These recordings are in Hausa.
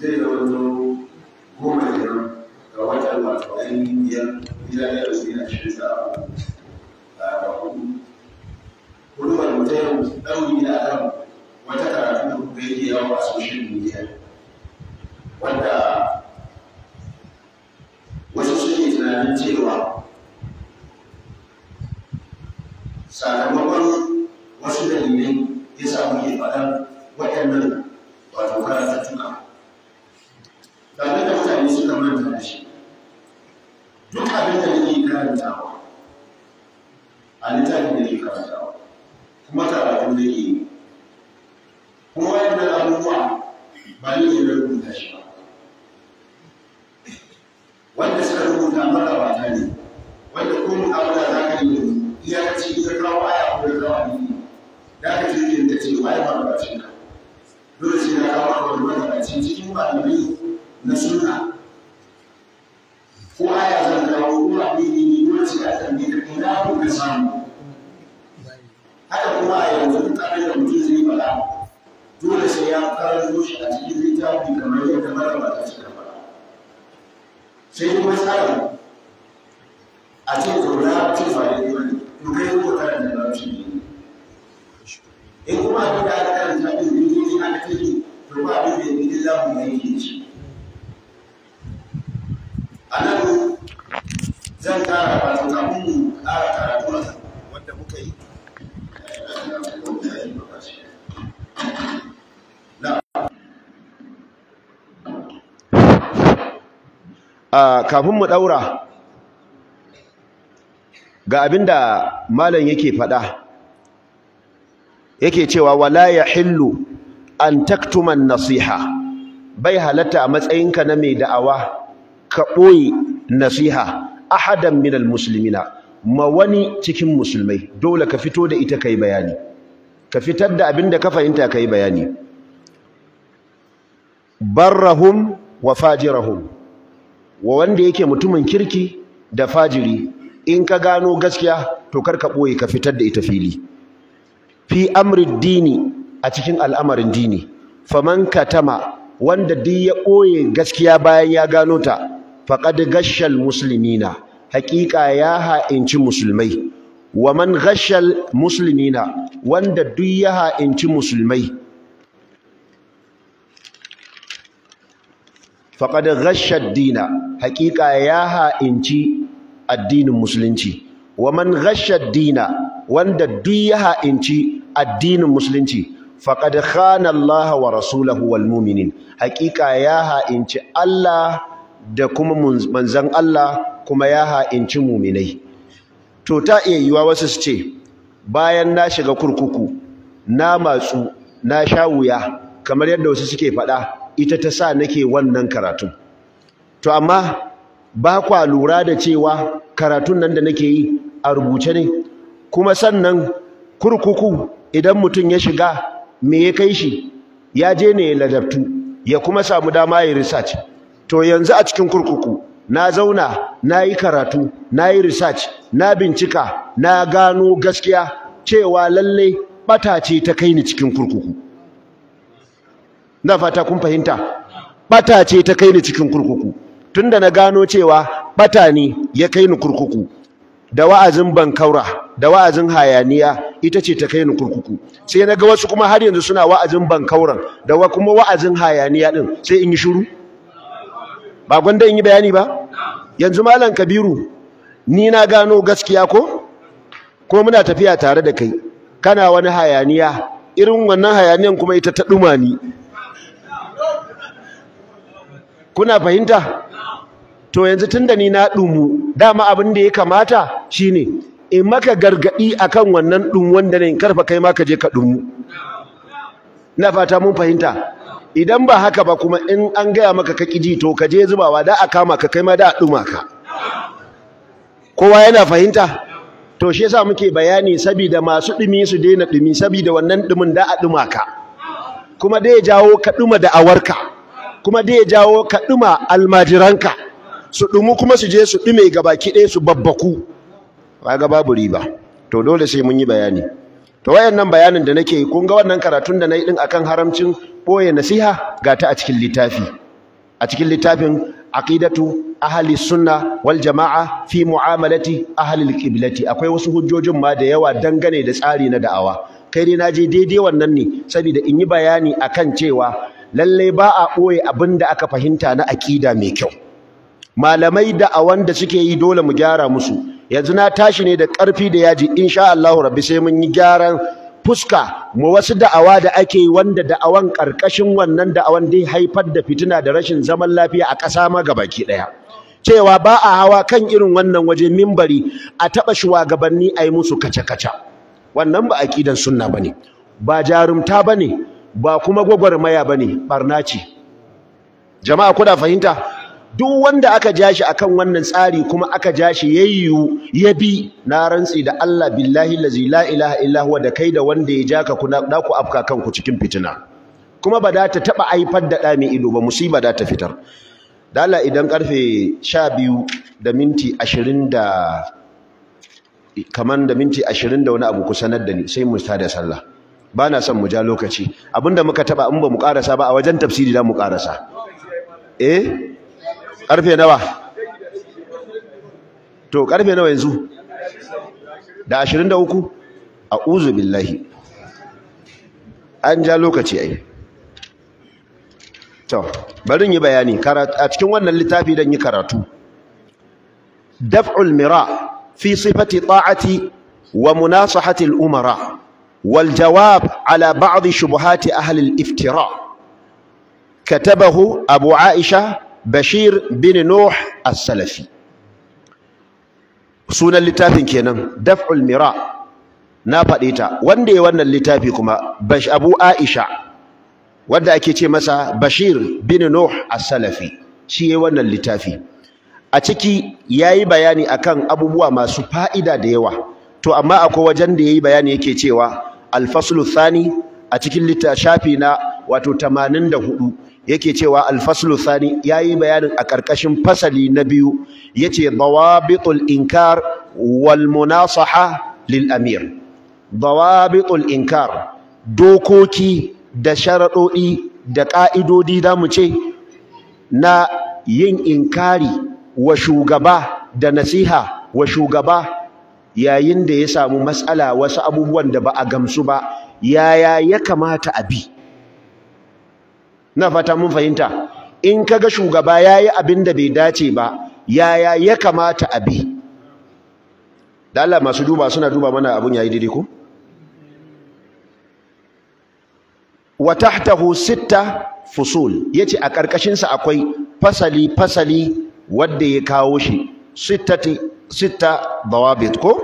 zai wannan goma kenan ga watan wato yin biyar hijira ya da suna shi sa a hudu kudu ba wata yau ɗauki na kan wata karatu da kuma yake yawa a social media wanda wasu suke tunanin cewa sakamakon wasu dalilai ya samu ke faɗan waɗannan wato karatuttuka da wannan nashi duk abin da nake karantawa a littafin da nake karantawa kuma karatu nake yi kuma wayannan abubuwa ba ni ne na rubuta shi ba wanda suka rubuta mara ba ta ne wanda ko mu'amala za ka yi iyakaci ita kawo aya ko ya kawo addini da ka jirgin da ce waye magabacin ka dole sai na kawo abubuwan da a cikin malamai na suna tambayi ina kuka samu haka kuma a yanzu duk abin da mutum zai faɗa dole sai ya karanto shi a cikin littafi kamar yadda marabata suka faɗa sai kuma tsarin a ce zauna ce faɗi ne to kai ko karanta shi ne in kuma abin da aka karanta ne ne aka take to ba abin da ya fi za mu yi ci a nan kafin mu kara a wanda ah, kafin mu daura ga abinda malam yake faɗa, yake cewa wala hillu an taktuma nasiha bai halatta a matsayinka na mai da'awa ka ɓoye nasiha ahadan minal muslimina ma wani cikin musulmai dole ka fito da ita kai bayani ka fitar da abinda ka fahimta kai bayani barrahum wa fajirahum wa wanda yake mutumin kirki da fajiri in ka gano gaskiya to kar ka boye ka fitar da ita fili fi amrid dini a cikin al'amarin dini faman katama wanda duk ya boye gaskiya bayan ya gano ta faqad gashal muslimina haƙiƙa ya ha'inci musulmai wa man gashal muslimina wanda duk ya ha'inci musulmai faqad ghashad dina haƙiƙa ya ha'inci addinin musulunci wa man ghashad dina wanda duk ya ha'inci addinin musulunci faqad khana Allah wa rasulahu wal mu'minin haƙiƙa ya ha'inci Allah da kuma manzan Allah kuma ya ha'inci muminai to ta iya yiwa wasu su ce bayan na shiga kurkuku na matsu na sha wuya kamar yadda wasu suke faɗa ita ta sa nake wannan karatun to amma ba kwa lura da cewa karatun nan da nake yi a rubuce ne kuma sannan kurkuku idan mutum ya shiga me ya kai shi ya je ne ya ladabtu ya kuma samu dama ya research to yanzu a cikin kurkuku na zauna na yi karatu na yi research na bincika na gano gaskiya cewa lalle bata ce ta kai ni cikin kurkuku na fata kun fahimta bata ce ta kai ni cikin kurkuku tunda na gano cewa bata ne ya kai ni kurkuku da wa'azin bankaura da wa'azin hayaniya ita ce ta kai ni kurkuku sai na ga wasu kuma har yanzu suna wa'azin bankauran da kuma wa'azin hayaniya din sai in yi shiru ba gwanda yi bayani ba yanzu malam kabiru ni na gano gaskiya ko ko muna tafiya tare da kai kana wani hayaniya irin wannan hayaniyan kuma ita ta dumani ni kuna fahimta to yanzu tunda ni na dumu dama abin da ya kamata shine in maka gargadi akan wannan dum wanda ne karfa kai ma ka je ka dumu ina fata mun fahimta idan ba haka ba kuma in an gaya maka ka ji to ka je zubawa da a kama ka kai ma da a ɗuma kowa yana fahimta to shi yasa muke bayani saboda masu ɗumi su daina ɗumi saboda wannan ɗumin da a ɗuma kuma dai ya jawo ka ɗuma da awarka kuma dai ya jawo ka ɗuma almajiranka su ɗumu kuma su je su ɗume gaba kiɗe su babbaku ga babu riba to dole sai mun yi bayani to wayannan bayanin da nake kun ga wannan karatun da na yi ɗin akan haramcin ɓoye nasiha ga ta a cikin littafi a cikin littafin aqidatu ahli sunna wal jama'a fi mu'amalati ahli alqiblati akwai wasu hujjojin ma da yawa dangane da tsari na da'awa kai dai naje daidai wannan ne saboda in yi bayani akan cewa lalle ba a ɓoye abin da aka fahimta na aƙida mai kyau malamai da a wanda suke yi dole mu gyara musu yanzu na tashi ne da ƙarfi da yaji insha Allah rabbi sai mun yi gyaran fuska mu wasu da'awa da ake wanda da'awan ƙarƙashin wannan da'awan dai haifar da fitina da rashin zaman lafiya a ƙasa ma gabaki ɗaya cewa ba a hawa kan irin wannan waje mimbari a taɓa shugabanni a yi musu kaca-kaca wannan ba aƙidan sunna ba ne ba jarumta ba ne ba kuma gwagwarmaya ba ne ɓarna ce jama'a kuna fahimta duk wanda aka jashi shi akan wannan tsari kuma aka jashi shi yayyu ya bi na rantsi da Allah billahi lazi la ilaha illa huwa da kai da wanda ya jaka ka kuna da ku afka kanku cikin fitina kuma ba da ta taba aifar da dami ido ba musiba da ta fitar dala idan karfe 12 da minti 20 da kaman da minti 20 da wani abu ku sanar da ni sai mu tada sallah ba na son mu ja lokaci abinda muka taba in ba mu karasa ba a wajen tafsiri da mu karasa eh karfe nawa to karfe nawa yanzu da 23 a'udhu billahi an ja lokaci ai to bari yi bayani a cikin wannan littafi dan yi karatu daf'ul mira fi sifati ta'ati wa munasahati al-umara wal jawab ala ba'd shubuhati ahli al-iftira كتبه أبو عائشة bashir bin nuh as-salafi sunan littafin kenan daf'ul mira na faɗe ta wanda ya wannan littafi kuma bash abu aisha wanda ake ce masa bashir bin nuh as-salafi shi ya wannan littafi a ciki yayi bayani akan abubuwa masu fa'ida da yawa to amma akwai wajen da yayi bayani yake cewa al-faslu thani a cikin littafi na wato 84 yake cewa alfaslu thani yayi bayanin a ƙarƙashin fasali na biyu ya yace dawabitul inkar wal munasaha lil amir dawabitul inkar dokoki da sharaɗoɗi da ƙa'idodi da mu ce na yin inkari wa shugaba da nasiha wa shugaba yayin da ya samu matsala wasu abubuwan da ba a gamsu ba yaya ya kamata a bi na fata mun fahimta in kaga shugaba yayi abin da bai dace ba yaya ya kamata a bi da Allah masu duba suna duba mana abun yayi daidai ko wa tahtahu sitta fusul yace a karkashin sa akwai fasali fasali wanda ya kawo shi sittati sitta dawabit ko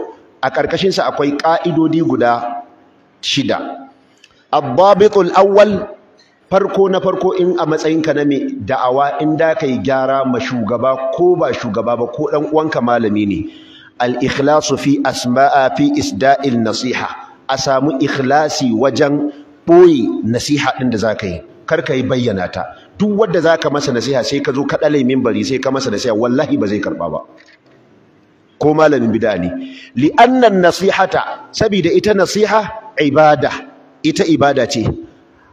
a karkashin sa akwai ka'idodi guda shida الضابط الأول farko na farko in a matsayinka na mai da'awa in da ka yi gyara ma shugaba ko ba shugaba ba ko ɗan uwanka malami ne al-ikhlasu fi asma'a fi isda'il nasiha a samu ikhlasi wajen ɓoye nasiha ɗin da za ka yi kar ka yi bayyana ta duk wadda za ka masa nasiha sai ka zo ka ɗale bari sai ka masa nasiha wallahi ba zai karɓa ba ko malamin bida ne li'annan nasihata sabida ita nasiha ibada ita ibada ce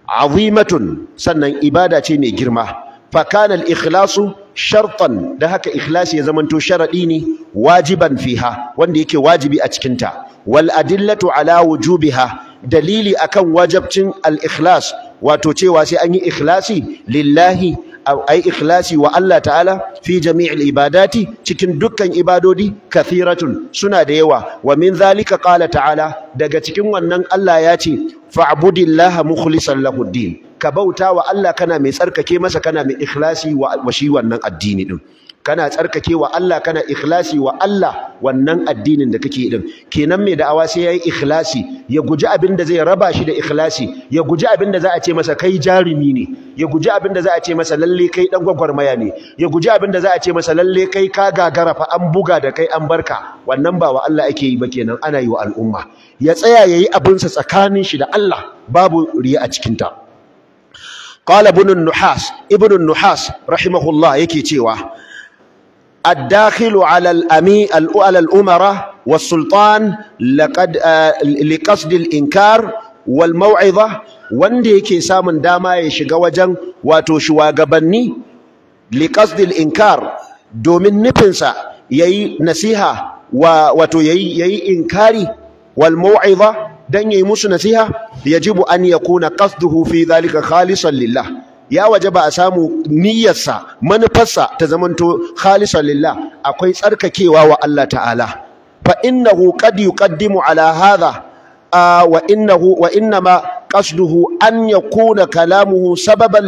azimatun sannan ibada ce mai girma fakana al-ikhlasu shartan da haka ikhlasi ya zamanto sharadi ne wajiban fiha wanda yake wajibi a cikin ta wal adillatu ala wujubiha dalili akan wajabcin al-ikhlas wato cewa sai an yi ikhlasi lillahi ai ikhlasi wa Allah ta'ala fi jami'il ibadati cikin dukkan ibadodi kathiratun suna da yawa wa min zalika qala ta'ala daga cikin wannan Allah ya ce fa'budillaha mukhlishan lahu din ka bauta wa Allah kana mai tsarkake masa kana mai ikhlasi wa shi wannan addini din kana tsarkake wa Allah kana ikhlasi wa Allah wannan addinin da kake din kenan mai da'awa sai yayi ikhlasi ya guji abin da zai raba shi da ikhlasi ya guji abin da za a ce masa kai jarumi ne ya guji abin da za a ce masa lalle kai dan gwagwarmaya ne ya guji abin da za a ce masa lalle kai ka gagara fa an buga da kai an barka wannan ba wa Allah ake yi ba kenan ana yi wa al'umma ya tsaya yayi abin sa tsakanin shi da Allah babu riya a cikin ta قال ابن النحاس ابن النحاس رحمه الله yake cewa الداخل على الأمي على الأمراء والسلطان لقد لقصد الإنكار والموعظة wanda yake samun dama ya shiga wajen wato shugabanni liqasdil inkar domin nufinsa yayi nasiha wato yayi yayi inkari wal mau'iza dan yayi musu nasiha yajibu an ya yakuna qasduhu fi dhalika khalisan lillah ya waje ba a samu niyyarsa manufarsa ta zamanto khalisa lillah akwai tsarkakewa wa Allah ta'ala fa innahu qad yuqaddimu ala hadha wa innahu wa innama قصده أن li ta'arufihi سببا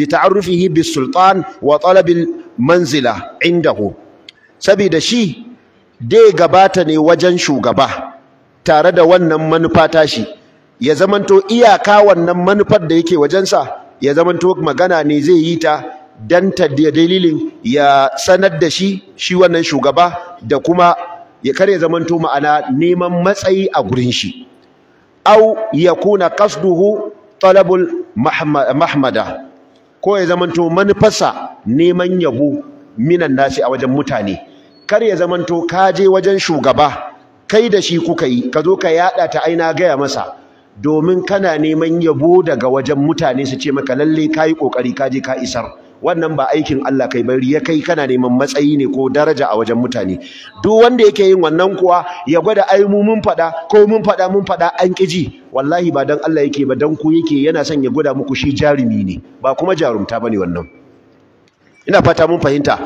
لتعرف wa wa وطلب Manzila, indahu saboda shi dai gabata ne wajen shugaba tare da wannan manufa tashi ya zamanto iyaka wannan manufar da yake wajensa ya zamanto magana ne zai yi ta dan ta dalilin ya sanar da shi shi wannan shugaba da kuma ya kare zamanto ma'ana neman matsayi a gurin shi au ya kuna kasduhu talabul mahmada ko ya zamanto manufarsa neman yabo minan nasi a wajen mutane kar ya zamanto ka je wajen shugaba kai da shi kuka yi ka zo ka yada ta aina gaya masa domin kana neman yabo daga wajen mutane su ce maka lalle kayi kokari ka je ka isar wannan ba aikin Allah kai bari ya kai kana neman matsayi ne ko daraja a wajen mutane duk wanda yake yin wannan kuwa ya gwada ai mu mun fada ko mun fada mun fada an kiji wallahi ba dan Allah yake ba dan ku yake yana son ya gwada muku shi jarumi ne ba kuma jarumta bane wannan ina fata mun fahimta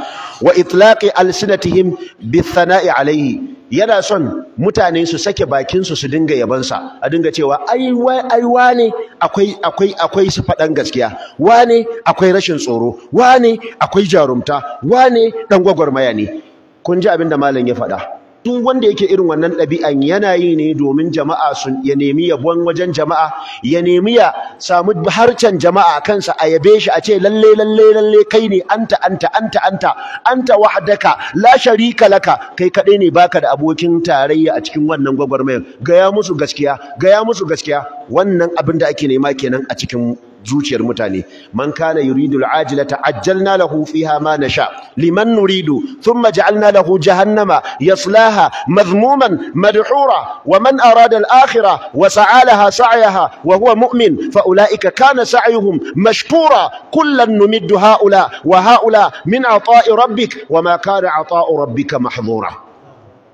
wa itlaqi alsinatihim bi thana'i alaihi yana son mutane su sake bakinsu su dinga sa, a dinga cewa ai ai wane akwai su faɗan gaskiya wane akwai rashin tsoro wane akwai jarumta wane dan gwagwarmaya ne kun ji abin da malam ya faɗa duk wanda yake irin wannan ɗabi'an yana yi ne domin jama'a sun ya nemi yabon wajen jama'a ya nemi ya samu harcen jama'a kansa a yabe shi a ce lalle lalle lalle kai ne anta anta anta anta anta wahdaka la sharika laka kai kadai ne baka da abokin tarayya a cikin wannan gwagwarmayar gaya musu gaskiya gaya musu gaskiya wannan abin da ake nema kenan a cikin zuciyar mutane man kana yuridu al'ajilata ajjalna lahu fiha ma nasha liman nuridu thumma ja'alna lahu jahannama yaslaha madhmuman madhura wa man arada al-akhirah wa sa'alaha sa'yaha wa huwa mu'min fa ulaika kana sa'yuhum mashkura kullan numiddu ha'ula wa ha'ula min ata'i rabbik wa ma kana ata'u rabbika mahdhura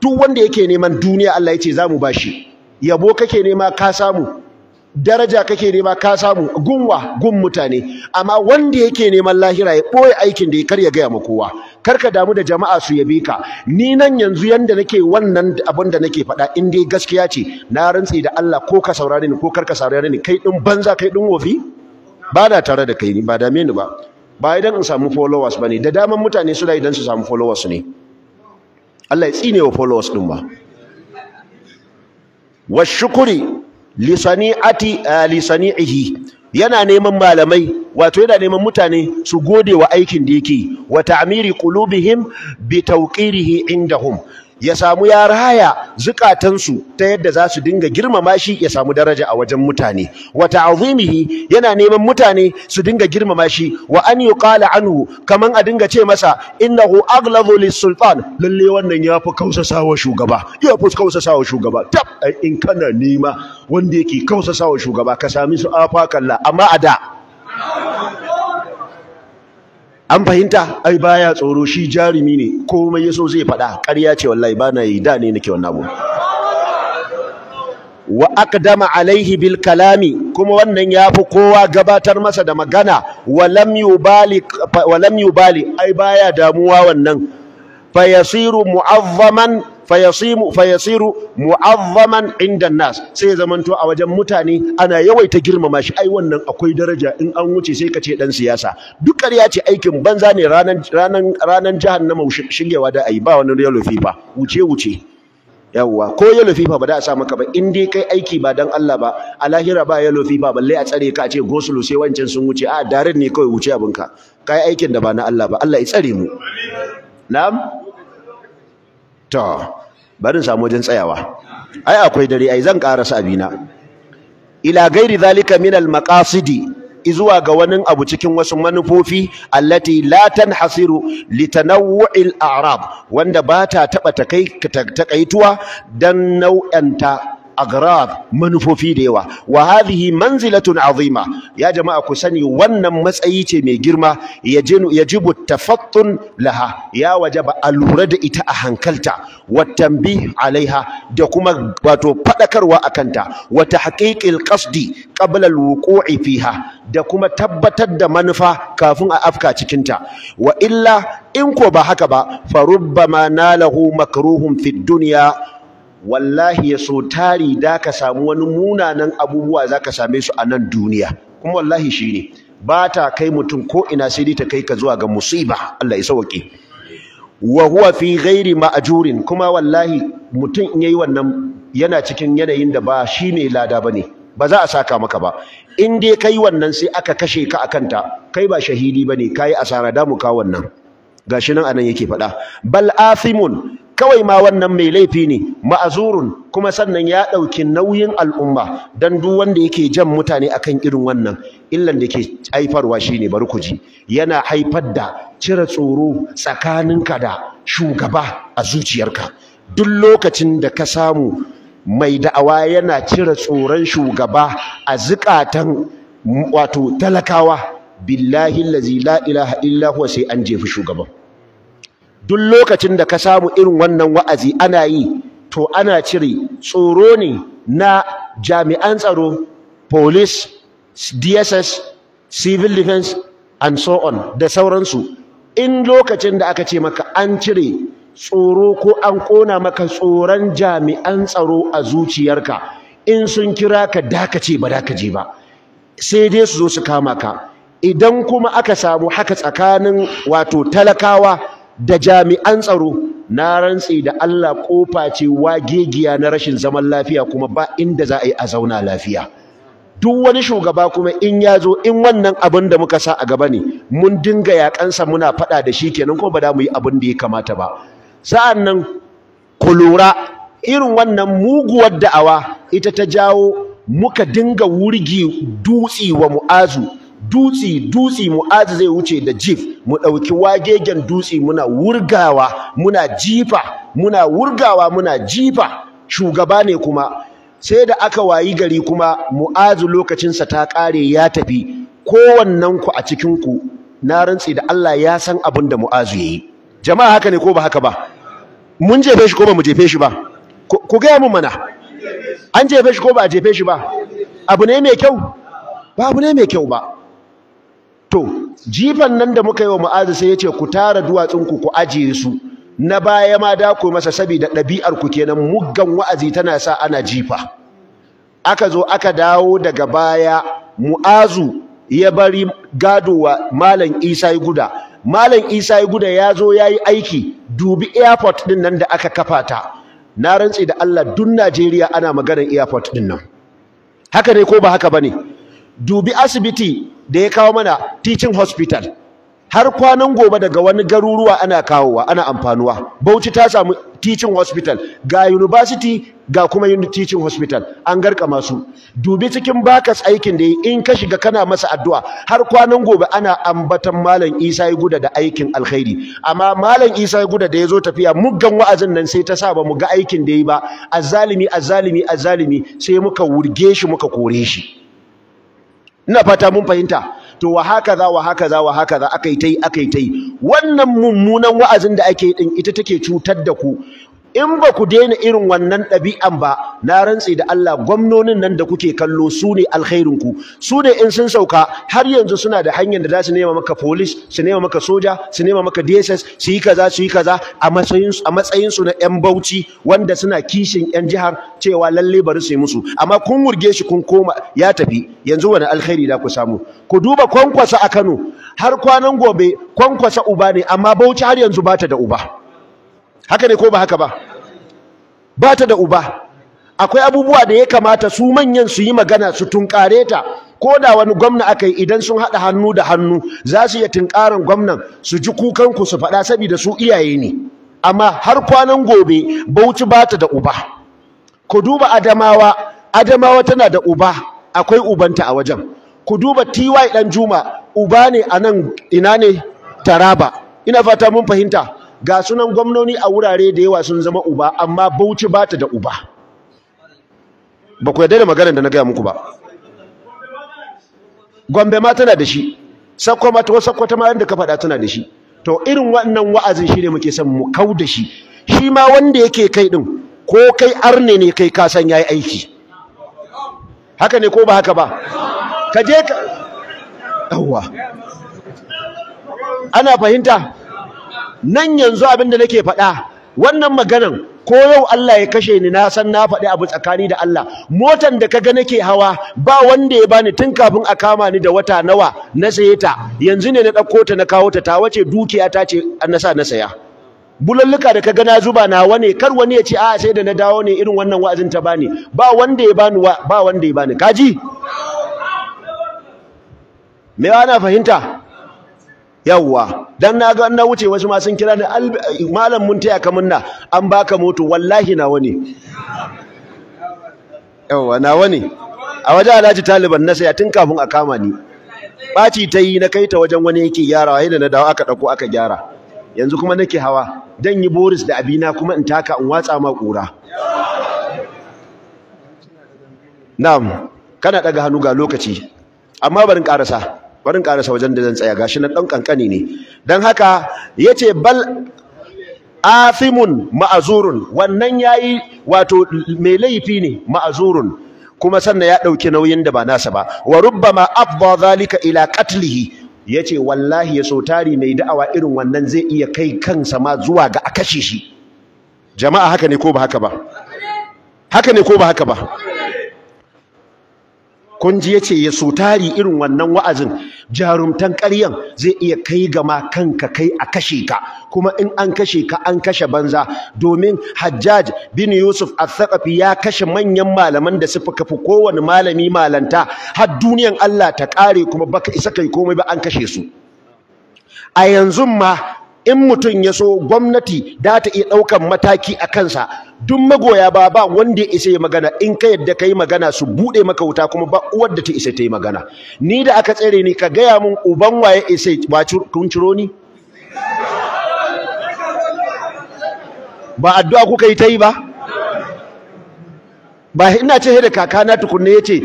duk wanda yake neman duniya Allah yace zamu bashi yabo kake nema ka samu daraja kake nema ka samu gunwa gun mutane amma wanda yake neman lahira ya boye aikin da ya karya gaya ma kowa kar ka damu da jama'a su yabe ka ni nan yanzu yanda nake wannan abin da nake faɗa in dai gaskiya ce na rantsi da Allah ko ka saurare ni ko kar ka saurare ni kai din banza kai din wofi ba da tare da kai ni ba dame ni ba ba idan in samu followers bane da daman mutane su da idan su samu followers ne Allah ya tsine wa followers din ba wa shukuri lisani'ati lisani'ihi yana neman malamai wato yana neman mutane su gode wa aikin da yake wa ta'miri qulubihim bi tawqirihi indahum ya samu ya raya zukatansu ta yadda za su dinga girmama shi ya samu daraja a wajen mutane Wata ta'zimihi yana neman mutane su dinga girmama shi wa an yuqala anhu kaman a dinga ce masa innahu aghlazu lis-sultan lalle wannan yafi kausasawa shugaba yafi kausasawa shugaba tab in kana nema wanda yake kausasawa shugaba ka sami su afakalla amma da. an fahimta ai baya tsoro shi jarumi ne komai yaso zai faɗa ƙarya ce wallahi ba na yi da ne nake wannan abu wa aqdama alaihi bil kalami kuma wannan ya fi kowa gabatar masa da magana walam yubali walam yubali ai baya damuwa wannan fayasiru yasiru mu'azzaman fayasimu fayasiru mu'azzaman inda nas sai zamanto a wajen mutane ana yawaita girmama shi ai wannan akwai daraja in an wuce sai ka ce dan siyasa duk ƙarya ce aikin banza ne ranan ranan ranan jahannama shigewa da ayi ba wani yellow fifa wuce wuce yawwa ko yellow fifa ba da a sa maka ba in dai kai aiki ba dan Allah ba a lahira ba yellow fifa balle a tsare ka a ce gosulu sai wancan sun wuce a darin ne kawai wuce abinka kai aikin da ba na Allah ba Allah ya tsare mu na'am to bari samu wajen tsayawa ai akwai dare ai zan karasa abina ila gairi zalika min al maqasidi izuwa ga wani abu cikin wasu manufofi allati la tanhasiru li a'rab wanda ba ta taɓa takaituwa dan nau'anta agrab manufofi da yawa wa hadhihi manzilatun azima ya jama'a ku sani wannan matsayi ce mai girma yajibu tafattun laha ya wajaba a lura da ita a hankalta wa tanbih alaiha da kuma wato a kanta, wata tahqiqil ƙasdi qabla alwuqu'i fiha da kuma tabbatar da manufa kafin a afka cikinta wa illa in ko ba haka ba fa farubbama nalahu makruhum fid dunya wallahi ya so tari da ka samu wani munanan abubuwa za ka same su a nan duniya kuma wallahi shi ne ba ta kai mutum ko ina sai dai ta kai ka zuwa ga musiba Allah ya sauke wa huwa fi ghairi ma'jurin kuma wallahi mutum in yayi wannan yana cikin yanayin da ba shi ne lada bane ba za a saka maka ba in dai kai wannan sai aka kashe ka akan ta kai ba shahidi bane kai asara da mu ka wannan gashi nan anan yake faɗa bal athimun kawai ma wannan mai laifi ne ma'azurun kuma sannan ya ɗauki nauyin al'umma don duk wanda yake jan mutane akan irin wannan illan da ke haifarwa shine bari ku ji yana haifar da cire tsoro tsakaninka da shugaba a zuciyarka duk lokacin da ka samu mai da'awa yana cire tsoron shugaba a zukatan wato talakawa billahi allazi la ilaha illa huwa sai an jefi shugaban duk lokacin da ka samu irin wannan wa'azi ana yi to ana cire tsoro ne na jami'an tsaro police dss civil defense and so on da sauransu in lokacin da aka ce maka an cire tsoro ko an kona maka tsoron jami'an tsaro a zuciyarka in sun kira ka dakace ba dakace ba sai dai su zo su kama ka idan kuma aka samu haka tsakanin wato talakawa da jami'an tsaro na rantsi da Allah kofa ce wagegiya na rashin zaman lafiya kuma ba inda za a yi a zauna lafiya duk wani shugaba kuma in ya zo in wannan abin da muka sa a gaba ne mun dinga yaƙansa muna faɗa da shi kenan kuma ba za mu yi abin da ya kamata ba sa'an nan ku lura irin wannan muguwar da'awa ita ta jawo muka dinga wurgi dutse wa mu'azu dutsi dutsi mu'azu zai wuce da jif mu ɗauki wagegen dutsi muna wurgawa muna jifa muna wurgawa muna jifa shugaba ne kuma sai da aka wayi gari kuma mu'azu lokacinsa ta kare ya tafi kowannen ku a cikin ku na rantsi da Allah ya san abin da mu'azu yayi jama'a haka ne ko ba haka ba mun jefe shi ko ba mu jefe shi ba ku gaya mun mana an jefe shi ko ba a jefe shi ba abu ne mai kyau ba abu ne mai kyau ba to jifan nan da muka yi wa mu'azu sai ya ce ku tara duwatsun ku ku ajiye su na baya ma da ku masa saboda ɗabi'ar ku kenan muggan wa'azi tana sa ana jifa aka zo aka dawo daga baya mu'azu ya bari gado wa malam isa yi guda malam isa yi guda ya zo ya yi aiki dubi airport din nan da aka kafa ta na rantse da allah duk najeriya ana maganar airport din nan haka ne ko ba haka ba ne dubi asibiti da ya kawo mana teaching hospital har kwanan gobe daga wani garuruwa ana kawowa ana amfanuwa Bauchi ta samu teaching hospital ga university ga kuma yin teaching hospital an garka masu dubi cikin bakas aikin da in ka shiga kana masa addu'a har kwanan gobe ana ambatan malam Isa ya guda da aikin alkhairi amma malam Isa ya guda da zo tafiya muggan wa'azin nan sai ta sa ba mu ga aikin da ya yi ba azzalimi azzalimi azzalimi sai muka wurge shi muka kore shi ina fata mun fahimta to wa hakaza wa hakaza wa hakaza akai tai akai tai wannan mummunan wa'azin da ake din ita take cutar da ku in ba ku daina irin wannan ɗabi'an ba na rantse da Allah gwamnonin nan da kuke kallo su ne alkhairinku su ne in sun sauka har yanzu suna da hanyar da za su nema maka polish, su nema maka soja su nema maka DSS su yi kaza su yi kaza a matsayinsu na yan Bauchi wanda suna kishin yan jihar cewa lalle bari su yi musu amma kun wurge shi kun koma ya tafi yanzu wani alkhairi da ku samu ku duba kwankwasa a Kano har kwanan gobe kwankwasa uba ne amma Bauchi har yanzu bata da uba haka ne ko ba haka ba ba ta da uba akwai abubuwa da ya kamata su manyan su yi magana su tunkare ta ko da wani gwamna aka yi idan sun haɗa hannu da hannu za su iya tunkaran gwamnan su ji kukanku su faɗa saboda su iyaye ne amma har kwanan gobe bauchi ba ta da uba ku duba adamawa adamawa tana da uba akwai ubanta a wajen ku duba ty dan juma uba ne a nan ina ne taraba ina fata mun fahimta ga sunan gwamnoni a wurare da yawa sun zama uba amma bauchi ba ta da uba ba ku yarda da maganar da na gaya muku ba gombe ma tana da shi sakko ma ta sakko ta mayar da ka faɗa tana da shi to irin wannan wa'azin shi ne muke son mu kau da shi shi ma wanda yake kai din ko kai arne ne kai ka san yayi aiki haka ne ko ba haka ba ka je ka yawwa ana fahimta nan yanzu abin da nake faɗa wannan maganan ko yau Allah ya kashe ni na san na faɗi abu tsakani da Allah motan da kaga nake hawa ba wanda ya bani tun kafin a kama ni da wata nawa na saye ta yanzu ne na ɗauko ta na kawo ta ta wace dukiya ta ce an sa na saya bulalluka da kaga na zuba nawa ne kar wani ya ce a sai da na dawo ne irin wannan wa'azin ta bani ba wanda ya bani ba wanda ya bani kaji me ana fahimta yawwa dan na ga na wuce wasu ma sun kira ni malam mun taya ka munna an baka moto wallahi nawa ne yawwa nawa ne a wajen alhaji taliban na saya tun kafin a kama ni baci ta yi na kai ta wajen wani yake gyarawa yadda na dawo aka ɗauko aka gyara yanzu kuma nake hawa dan yi boris da abina kuma in taka in watsa ma ƙura na'am kana ɗaga hannu ga lokaci amma barin ƙarasa barin karasa wajen da zan tsaya gashi na dan kankani ne dan haka yace bal afimun ma'azurun wannan yayi wato mai laifi ne ma'azurun kuma sannan ya dauki nauyin da ba nasa ba wa rubbama afdha zalika ila qatlihi yace wallahi ya so tari mai da'awa irin wannan zai iya kai kansa ma zuwa ga a shi jama'a haka ne ko ba haka ba haka ne ko ba haka ba kun ji yace ya so tari irin wannan wa'azin jarumtan ƙaryan zai iya kai gama kanka kai a kashe ka kuma in an kashe ka an kashe banza domin Hajjaj bin Yusuf al-Thaqafi ya kashe manyan malaman da suka fi kowane malami malanta har duniyan Allah ta kare kuma baka isa kai komai ba an kashe su a yanzu ma in mutum ya so gwamnati da ta iya ɗaukan mataki a kansa duk magoya ba ba wanda ya isa magana in ka yadda ka yi magana su buɗe maka wuta kuma ba uwar da ta isa ta yi magana ni da aka tsere ni ka gaya mun uban waye isa ba kun ciro ni ba addu'a kuka yi ta yi ba ba ina ce da kakana tukunne ya ce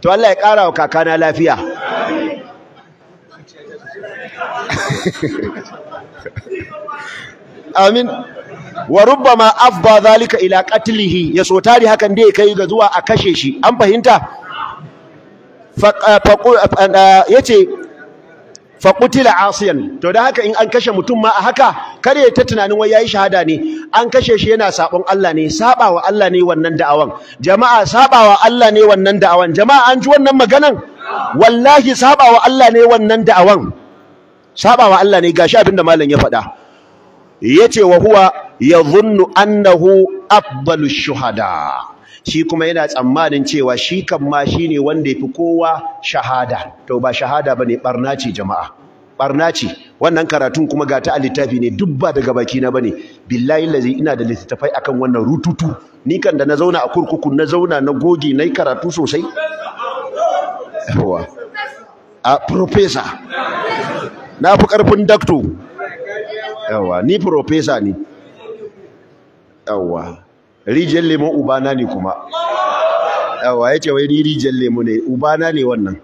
to Allah ya ƙara wa kakana lafiya amin wa rubbama afba zalika ila qatlihi ya so tari hakan dai kai ga zuwa a kashe shi an fahimta yace faqutila asiyan to da haka in an kashe mutum ma a haka kare ya ta tunanin wai yayi shahada ne an kashe shi yana sabon Allah ne sabawa Allah ne wannan da'awan jama'a sabawa Allah ne wannan da'awan jama'a an ji wannan maganan wallahi sabawa Allah ne wannan da'awan sabawa Allah ne gashi abinda malam ya faɗa yace wa huwa yadhunnu annahu afdalu shuhada shi kuma yana tsammanin cewa shi kan ma shine wanda yafi kowa shahada to ba shahada bane barna ce jama'a barna ce wannan karatun kuma ga ta littafi ne duk ba daga baki na bane billahi lazi ina da littafai akan wannan rututu ni kan da na zauna a kurkuku na zauna na goge nayi karatu sosai yawa a professor na fi ƙarfin dakto yawa ni profesa ne yawa rijiyar lemon ubana ne kuma yawa ya ce wai ni rijiyar lemon ne ubana ne wannan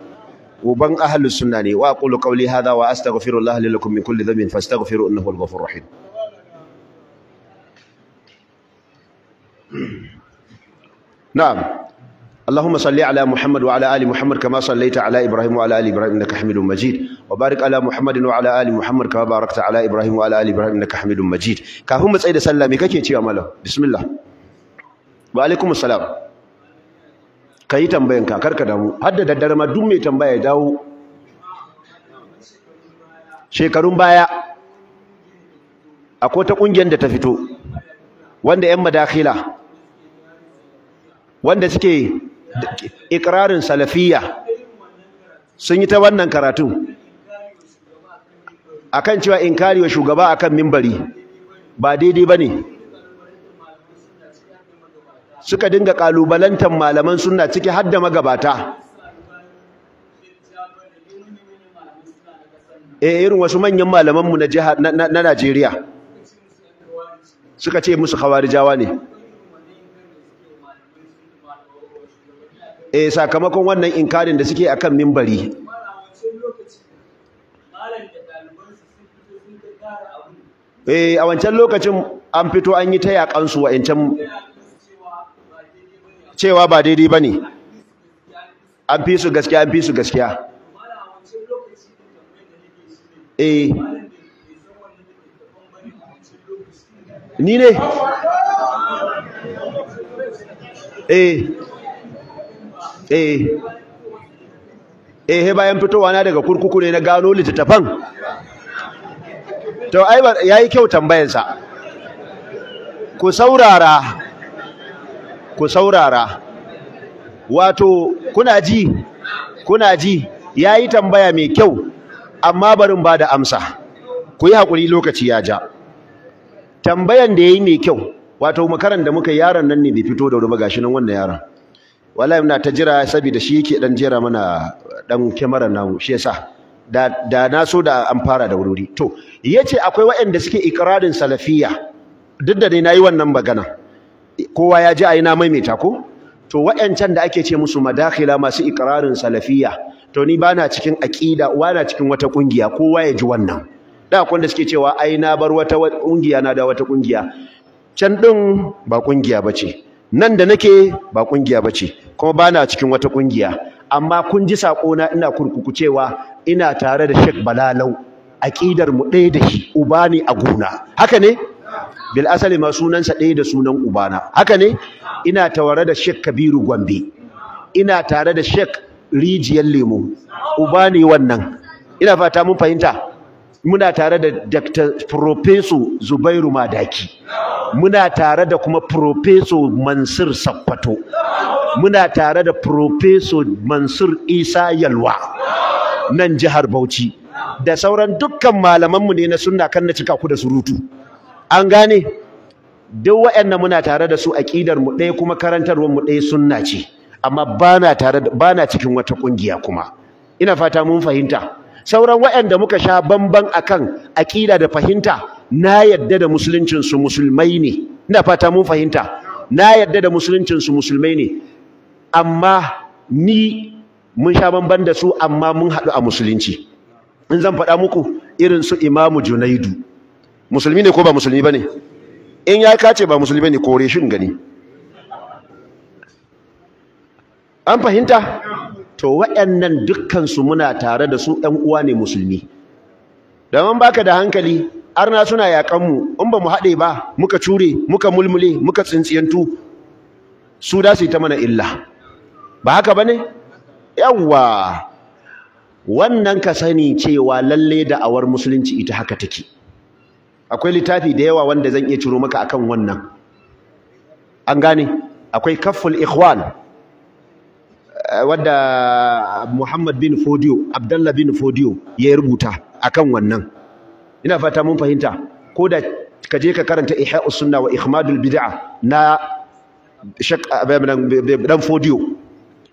uban ahlu suna ne wa aqulu qawli hadha wa astaghfirullah Allah lalakun min kulli zamin fastaghfiru innahu huwal ghafurur rahim na'am اللهم صل على محمد وعلى ال محمد كما صليت على ابراهيم وعلى ال ابراهيم انك حميد مجيد وبارك على محمد وعلى ال محمد كما باركت على ابراهيم وعلى ال ابراهيم انك حميد مجيد كافin mu tsaye da sallah kake cewa mallam bismillah wa alaikum assalam kai tambayan ka karka damu har da daddare ma duk mai tambaya ya dawo shekarun baya akwai ta ƙungiyar da ta fito wanda yan madakhila wanda suke ikrarin Salafiyya sun yi ta wannan karatun akan cewa inkari wa shugaba akan mimbari ba daidai bane suka dinga kalubalantar malaman sunna ciki har da magabata eh irin wasu manyan malamanmu na Najeriya suka ce musu khawarijawa ne Eh, sakamakon wannan inkarin da suke akan mimbari eh, a wancan lokacin an fito an yi ta yaƙansu wa wa'ancan cewa ba daidai ba ne, an fi su gaskiya an fi su gaskiya eh ni ne eh eh eh bayan fitowa na daga kurkuku ne na gano littattafan to ai yayi kyau sa ku saurara ku saurara wato kuna ji kuna ji yayi tambaya mai kyau amma barin ba da amsa ku yi hakuri lokaci ya ja tambayan da yayi mai kyau wato makaran da muka yaran nan ne bai fito da wuri ba gashi nan wannan yaran wala muna ta jira saboda shi yake dan jira mana dan kyamarar namu shi yasa da da na so da an fara da wuri to yace akwai waɗanda suke ikrarin salafiyya duk da dai nayi wannan magana kowa ya ji ayi na maimaita ko to waɗancan da ake ce musu madakhila masu ikrarin salafiyya to ni bana cikin aqida na cikin wata kungiya kowa ya ji wannan da akwai wanda suke cewa ai na bar wata kungiya na da wata kungiya can din ba kungiya bace nan da nake ba kungiya ce, kuma bana cikin wata kungiya amma kun ji sako ina kurkuku cewa ina tare da shek Balalau aqidar mu ɗaya da shi uba ne a gona haka ne bil asali ma sunansa ɗaya da sunan ubana haka ne ina tare da Sheikh Kabiru Gombe ina tare da shek Rijiyar Lemo uba ne wannan ina fata mun fahimta muna tare da Dr. Profeso Zubairu Madaki muna tare da kuma Profeso Mansur Sakkwato muna tare da Profeso Mansur Isa Yalwa nan jihar Bauchi da sauran dukkan malamanmu ne na sunna kan na cika ku da surutu an gane duk waɗannan muna tare da su aƙidar mu ɗaya kuma karantarwar mu ɗaya sunna ce amma bana tare bana cikin wata ƙungiya kuma ina fata mun fahimta sauran waɗanda muka sha bamban akan aƙida da fahimta na yadda da musuluncinsu musulmai ne ina fata mun fahimta na yadda da musuluncinsu musulmai ne amma ni mun sha bamban da su amma mun haɗu a musulunci in zan faɗa muku irin su imamu junaidu musulmi ne ko ba musulmi ba ne in ya kace ba musulmi ne kore shin gani an fahimta to waɗannan dukkansu muna tare da su ɗan uwa ne musulmi domin baka da hankali arna suna yakan mu in ba mu haɗe ba muka cure muka mulmule muka tsintsiyantu su da su yi ta mana illa ba haka ba ne? yawwa wannan ka sani cewa lalle da'awar musulunci ita haka take akwai littafi da yawa wanda zan iya ciro maka akan wannan an gane akwai kafful ikhwan Eh, wadda Muhammad bin Fodiyo Abdallah bin Fodio, ya rubuta akan wannan ina fata mun fahimta ko da ka je ka karanta Ihya'us wa Ikhmadul Bid'a na Sheikh eh, dan Fodiyo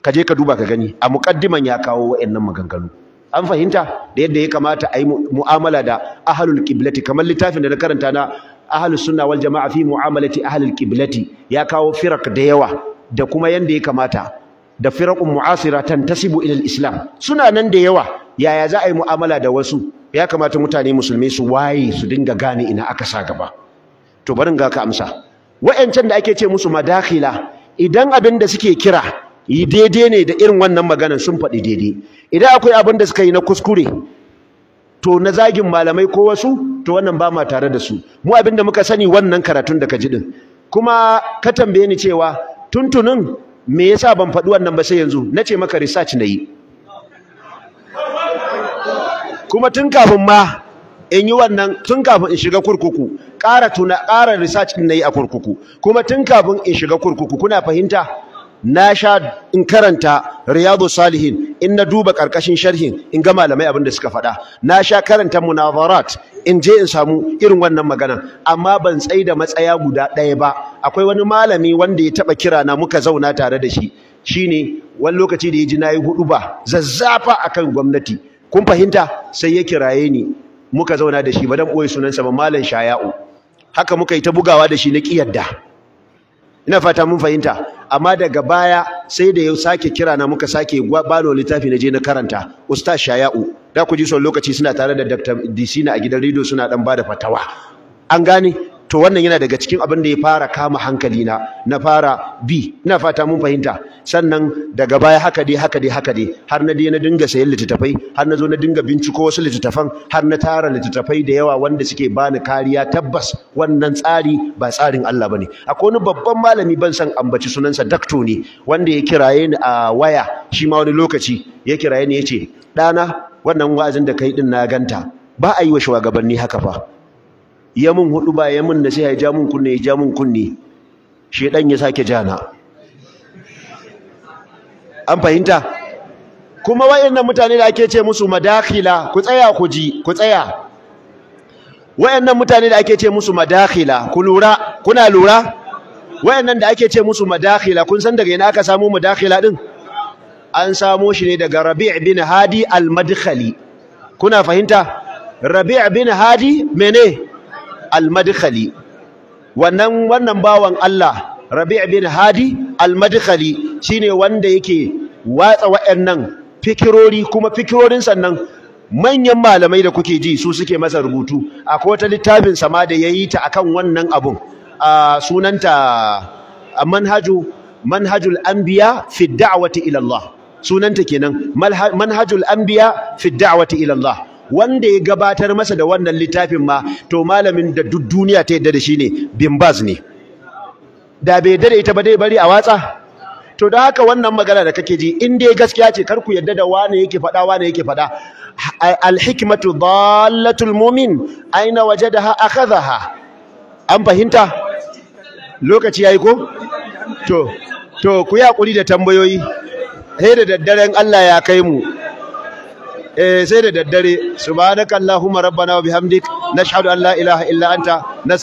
ka je ka duba ka gani a muƙaddiman ya kawo wayannan maganganu an fahimta da yadda ya kamata a yi mu'amala da ahalul kiblati, kamar littafin da na karanta na ahalul suna wal jama'a fi mu'amalati ahalul kiblati ya kawo firak da yawa da kuma yadda ya kamata da firaqun mu'asira tantasibu ila al-islam suna nan da yawa yaya za a yi mu'amala da wasu ya kamata mutane musulmi su waye su dinga gane ina aka sa gaba to barin ga ka amsa wayancan da ake ce musu madakhila idan abin da suke kira yi daidai ne da irin wannan maganar sun faɗi daidai idan akwai abin da suka yi na kuskure to na zagin malamai ko wasu to wannan ba ma tare da su mu abin da muka sani wannan karatun da ka ji din kuma ka tambaye ni cewa tuntunin me yasa ban faɗi wannan ba sai yanzu nace maka research nayi kuma tun kafin ma in yi wannan tun kafin in shiga kurkuku ƙara tuna ƙara research din nayi a kurkuku kuma tun kafin in shiga kurkuku kuna fahimta na sha in karanta riyadu salihin in na duba karkashin sharhin in ga malamai abin da suka faɗa na sha karanta munazarat in je in samu irin wannan magana amma ban tsai da matsaya guda ɗaya ba akwai wani malami wanda ya taɓa kira na muka zauna tare da shi shine wani lokaci da ya ji na yi hudu ba zazzafa akan gwamnati kun fahimta sai ya kiraye ni muka zauna da shi ba dan ɓoye sunansa ba malam shaya'u haka muka yi ta bugawa da shi na ƙiyadda ina fata mun fahimta amma daga baya sai da ya sake kira na muka sake bano littafi na je na karanta usta shaya'u da ku ji son lokaci suna tare da dr na a gidan rido suna dan bada fatawa an gane to wannan yana daga cikin abin da ya fara kama hankali na na fara bi ina fata mun fahimta sannan daga baya haka dai haka dai haka dai har na dai na dinga sayan litattafai, har na zo na dinga binciko wasu litattafan, har na tara littattafai da yawa wanda suke bani kariya tabbas wannan tsari ba tsarin Allah bane akwai wani babban malami ban san ambaci sunansa dakto ne wanda ya kiraye ni a waya shi ma wani lokaci ya kiraye ni yace dana wannan wa'azin da kai din na ganta ba a yi wa shugabanni haka fa ya mun hudu ba ya mun sai ya ja mun kunne ya ja mun kunne shedan ya sake jana an fahimta kuma wayannan mutane da ake ce musu madakhila ku tsaya ku ji ku tsaya wayannan mutane da ake ce musu madakhila ku lura kuna lura wayannan da ake ce musu madakhila kun san daga ina aka samu madakhila din an samo shi ne daga Rabi' bin Hadi al-Madkhali kuna fahimta Rabi' bin Hadi mene al wannan wannan bawan Allah Rabi' bin Hadi al shine wanda yake watsa waɗannan fikirori kuma fikirorin sannan manyan malamai da kuke ji su suke masa rubutu akwai wata littafin sama da yayi ta akan wannan abun a sunanta manhaju manhajul anbiya fi da'wati ila Allah sunanta kenan manhajul anbiya fi da'wati ila Allah wanda ya gabatar masa da wannan littafin ma to malamin da duk duniya ta yadda da shi ne bimbaz ne da bai dare ita ba dai bari a watsa to da haka wannan magana da kake ji in dai gaskiya ce kar ku yadda da wane yake faɗa wane yake faɗa alhikmatu dallatul mumin aina wajadaha akhadhaha an fahimta lokaci yayi ko to ku yi hakuri da tambayoyi sai da daddaren Allah ya kai mu eh sai da daddare subhanakallahumma rabbana wa bihamdik nashhadu an la ilaha illa anta